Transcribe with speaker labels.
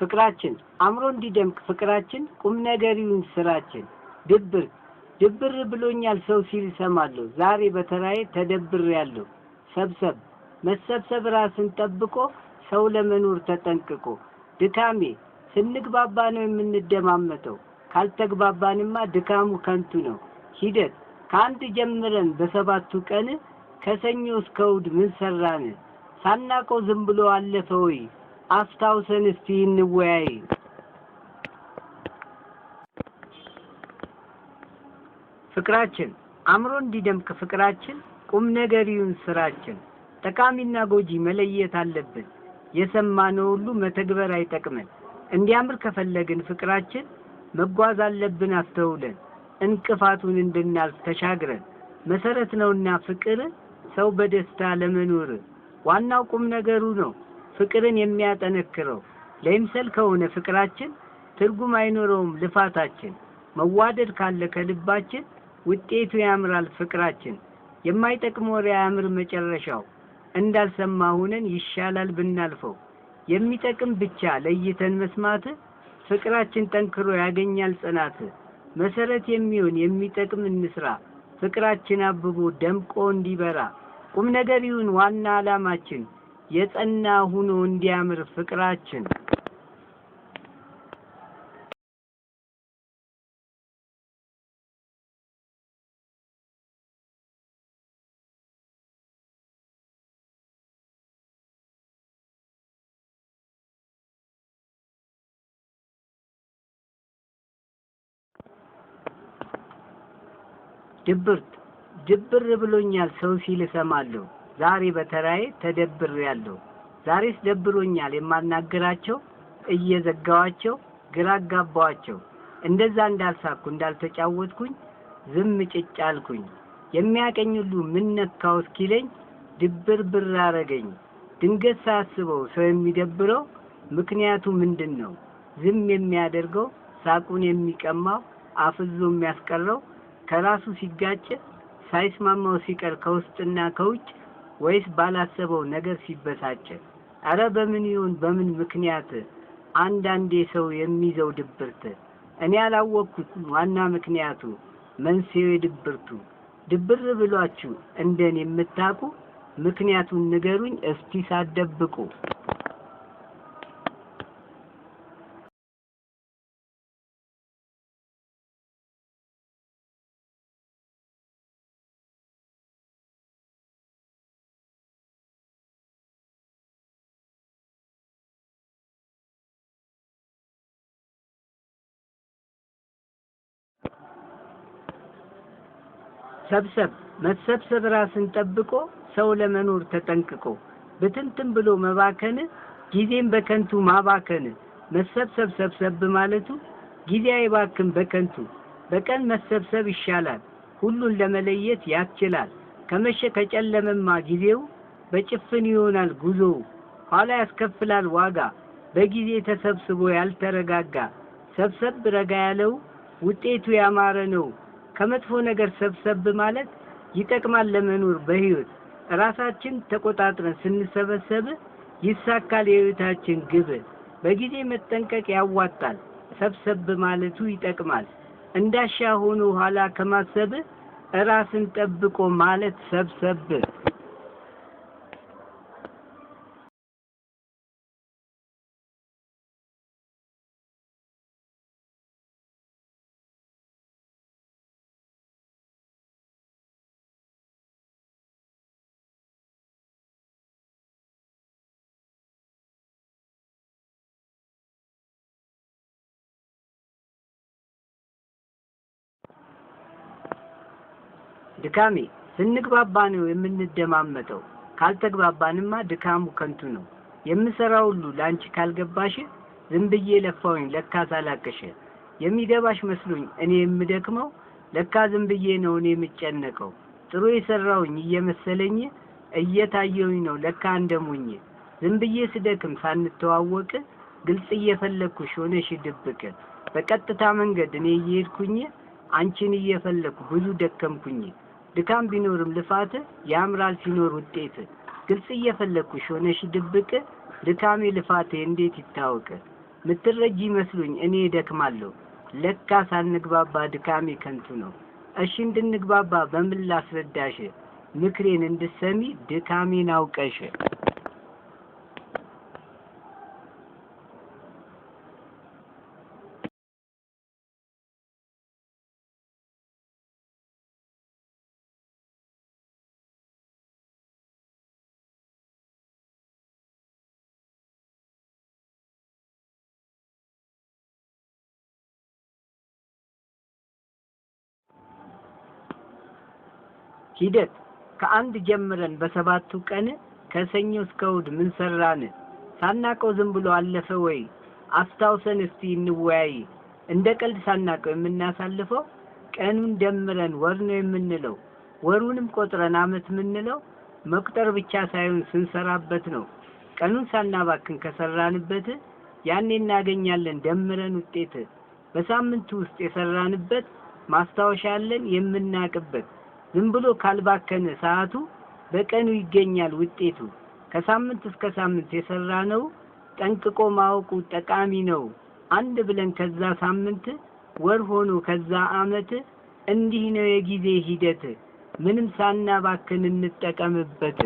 Speaker 1: ፍቅራችን አእምሮ እንዲደምቅ ፍቅራችን ቁም ነገሪውን ስራችን ድብር ድብር ብሎኛል ሰው ሲል ሰማለሁ ዛሬ በተራዬ ተደብር ያለሁ ሰብሰብ መሰብሰብ ራስን ጠብቆ ሰው ለመኖር ተጠንቅቆ ድካሜ ስንግባባ ነው የምንደማመጠው ካልተግባባንማ ድካሙ ከንቱ ነው ሂደት ከአንድ ጀምረን በሰባቱ ቀን ከሰኞ እስከ እሑድ ምን ሰራን ሳናቀው ዝም ብሎ አለፈ ወይ አስታውሰን እስቲ እንወያይ። ፍቅራችን አእምሮ እንዲደምቅ ፍቅራችን ቁም ይሁን ስራችን ጠቃሚና ጎጂ መለየት አለብን። የሰማነው ሁሉ መተግበር አይጠቅምን እንዲያምር ከፈለግን ፍቅራችን መጓዝ አለብን አስተውለን፣ እንቅፋቱን እንድናልፍ ተሻግረን። መሰረት ነውና ፍቅር ሰው በደስታ ለመኖር ዋናው ቁም ነገሩ ነው። ፍቅርን የሚያጠነክረው። ለይምሰል ከሆነ ፍቅራችን ትርጉም አይኖረውም ልፋታችን። መዋደድ ካለ ከልባችን ውጤቱ ያምራል ፍቅራችን። የማይጠቅም ወሬ አያምር መጨረሻው፣ እንዳልሰማ ሆነን ይሻላል ብናልፈው። የሚጠቅም ብቻ ለይተን መስማት ፍቅራችን ጠንክሮ ያገኛል ጽናት። መሰረት የሚሆን የሚጠቅም እንስራ ፍቅራችን አብቦ ደምቆ እንዲበራ ቁም ነገር ይሁን ዋና ዓላማችን የጸና ሁኖ እንዲያምር ፍቅራችን ድብርት ድብር ብሎኛል ሰው ሲል እሰማለሁ ዛሬ በተራዬ ተደብር ያለው ዛሬስ ደብሮኛል የማናገራቸው እየዘጋዋቸው ግራ አጋባዋቸው እንደዛ እንዳልሳኩ እንዳልተጫወትኩኝ ዝም ጭጫልኩኝ አልኩኝ የሚያቀኝ ሁሉ ምን ነካው እስኪለኝ ድብር ብር አረገኝ ድንገት ሳስበው ሰው የሚደብረው ምክንያቱ ምንድን ነው ዝም የሚያደርገው ሳቁን የሚቀማው አፍዞ የሚያስቀረው ከራሱ ሲጋጭ ሳይስማማው ሲቀር ከውስጥና ከውጭ ወይስ ባላሰበው ነገር ሲበሳጭ አረ በምን ይሁን በምን ምክንያት? አንዳንዴ ሰው የሚይዘው ድብርት እኔ ያላወቅኩት ዋና ምክንያቱ መንስኤው ድብርቱ። ድብር ብሏችሁ እንደኔ የምታውቁ ምክንያቱን ንገሩኝ እስቲ ሳደብቁ ሰብሰብ መሰብሰብ ራስን ጠብቆ ሰው ለመኖር ተጠንቅቆ ብትንትን ብሎ መባከን ጊዜን በከንቱ ማባከን መሰብሰብ ሰብሰብ ማለቱ ጊዜ አይባክን በከንቱ በቀን መሰብሰብ ይሻላል ሁሉን ለመለየት ያስችላል ከመሸ ከጨለመማ ጊዜው በጭፍን ይሆናል ጉዞው ኋላ ያስከፍላል ዋጋ በጊዜ ተሰብስቦ ያልተረጋጋ ሰብሰብ ረጋ ያለው ውጤቱ ያማረ ነው ከመጥፎ ነገር ሰብሰብ ማለት ይጠቅማል ለመኖር በህይወት ራሳችን ተቆጣጥረን ስንሰበሰብ ይሳካል የህይወታችን ግብ። በጊዜ መጠንቀቅ ያዋጣል፣ ሰብሰብ ማለቱ ይጠቅማል። እንዳሻ ሆኖ ኋላ ከማሰብ ራስን ጠብቆ ማለት ሰብሰብ ድካሜ ስንግባባ ነው የምንደማመጠው። ካልተግባባንማ ድካሙ ከንቱ ነው። የምሰራ ሁሉ ለአንቺ ካልገባሽ ዝም ብዬ ለፋውኝ ለካ ሳላቅሽ የሚገባሽ መስሎኝ እኔ የምደክመው ለካ ዝም ብዬ ነው እኔ የምጨነቀው ጥሩ የሰራውኝ እየመሰለኝ እየታየውኝ ነው ለካ እንደሞኝ ዝም ብዬ ስደክም ሳንተዋወቅ ግልጽ እየፈለግኩሽ ሆነሽ ድብቅ በቀጥታ መንገድ እኔ እየሄድኩኝ አንቺን እየፈለግኩ ብዙ ደከምኩኝ። ድካም ቢኖርም ልፋት ያምራል ሲኖር ውጤት ግልጽ እየፈለግኩሽ ሆነሽ ድብቅ ድካሜ ልፋቴ እንዴት ይታወቅ ምትረጂ ይመስሉኝ እኔ ደክማለሁ ለካ ሳንግባባ ድካሜ ከንቱ ነው እሺ እንድንግባባ በምን ላስረዳሽ ምክሬን እንድሰሚ ድካሜን አውቀሽ ሂደት ከአንድ ጀምረን በሰባቱ ቀን ከሰኞ እስከ እሑድ ምን ሰራን? ሳናቀው ዝም ብሎ አለፈ ወይ? አስታውሰን እስቲ እንወያይ። እንደ ቀልድ ሳናቀው የምናሳልፈው ቀኑን ደምረን ወር ነው የምንለው። ወሩንም ቆጥረን አመት የምንለው መቁጠር ብቻ ሳይሆን ስንሰራበት ነው። ቀኑን ሳናባክን ከሰራንበት ያኔ እናገኛለን ደምረን ውጤት። በሳምንቱ ውስጥ የሰራንበት ማስታወሻ አለን የምናቅበት ዝም ብሎ ካልባከነ ሰዓቱ በቀኑ ይገኛል ውጤቱ። ከሳምንት እስከ ሳምንት የሰራ ነው ጠንቅቆ ማወቁ ጠቃሚ ነው። አንድ ብለን ከዛ ሳምንት ወር ሆኖ ከዛ አመት እንዲህ ነው የጊዜ ሂደት ምንም ሳናባክን እንጠቀምበት።